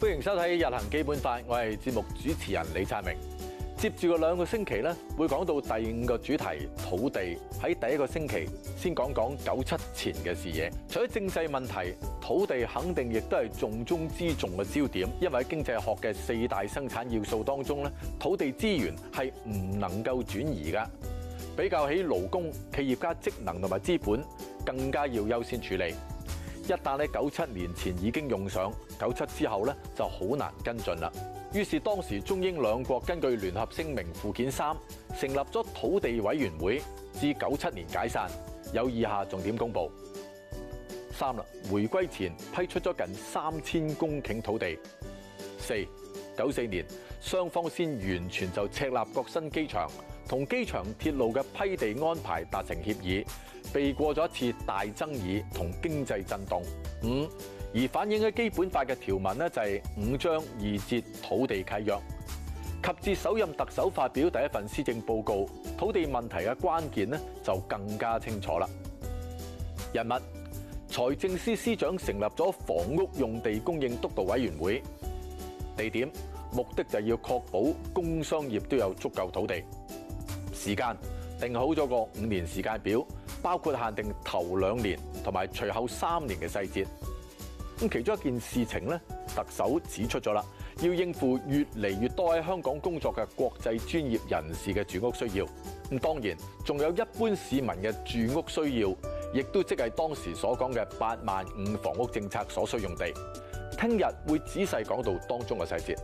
歡迎收睇《日行基本法》，我係節目主持人李澤明。接住個兩個星期咧，會講到第五個主題土地。喺第一個星期先講講九七前嘅視野。除咗政制問題，土地肯定亦都係重中之重嘅焦點，因為喺經濟學嘅四大生產要素當中咧，土地資源係唔能夠轉移㗎。比較起勞工、企業家職能同埋資本，更加要優先處理。一旦喺九七年前已經用上，九七之後咧就好難跟進啦。於是當時中英兩國根據聯合聲明附件三，成立咗土地委員會，至九七年解散。有以下重點公佈：三、回歸前批出咗近三千公頃土地；四、九四年，雙方先完全就赤鱲角新機場，同機場鐵路嘅批地安排達成協議，避過咗一次大爭議同經濟震動五。五而反映喺基本法嘅條文呢，就係五章二節土地契約。及至首任特首發表第一份施政報告，土地問題嘅關鍵呢，就更加清楚啦。人物財政司司長成立咗房屋用地供應督導委員會，地點目的就是要確保工商業都有足夠土地。時間定好咗個五年時間表，包括限定頭兩年同埋隨後三年嘅細節。咁其中一件事情咧，特首指出咗啦，要應付越嚟越多喺香港工作嘅國際專業人士嘅住屋需要。咁當然仲有一般市民嘅住屋需要，亦都即係當時所講嘅八萬五房屋政策所需用地。聽日會仔細講到當中嘅細節。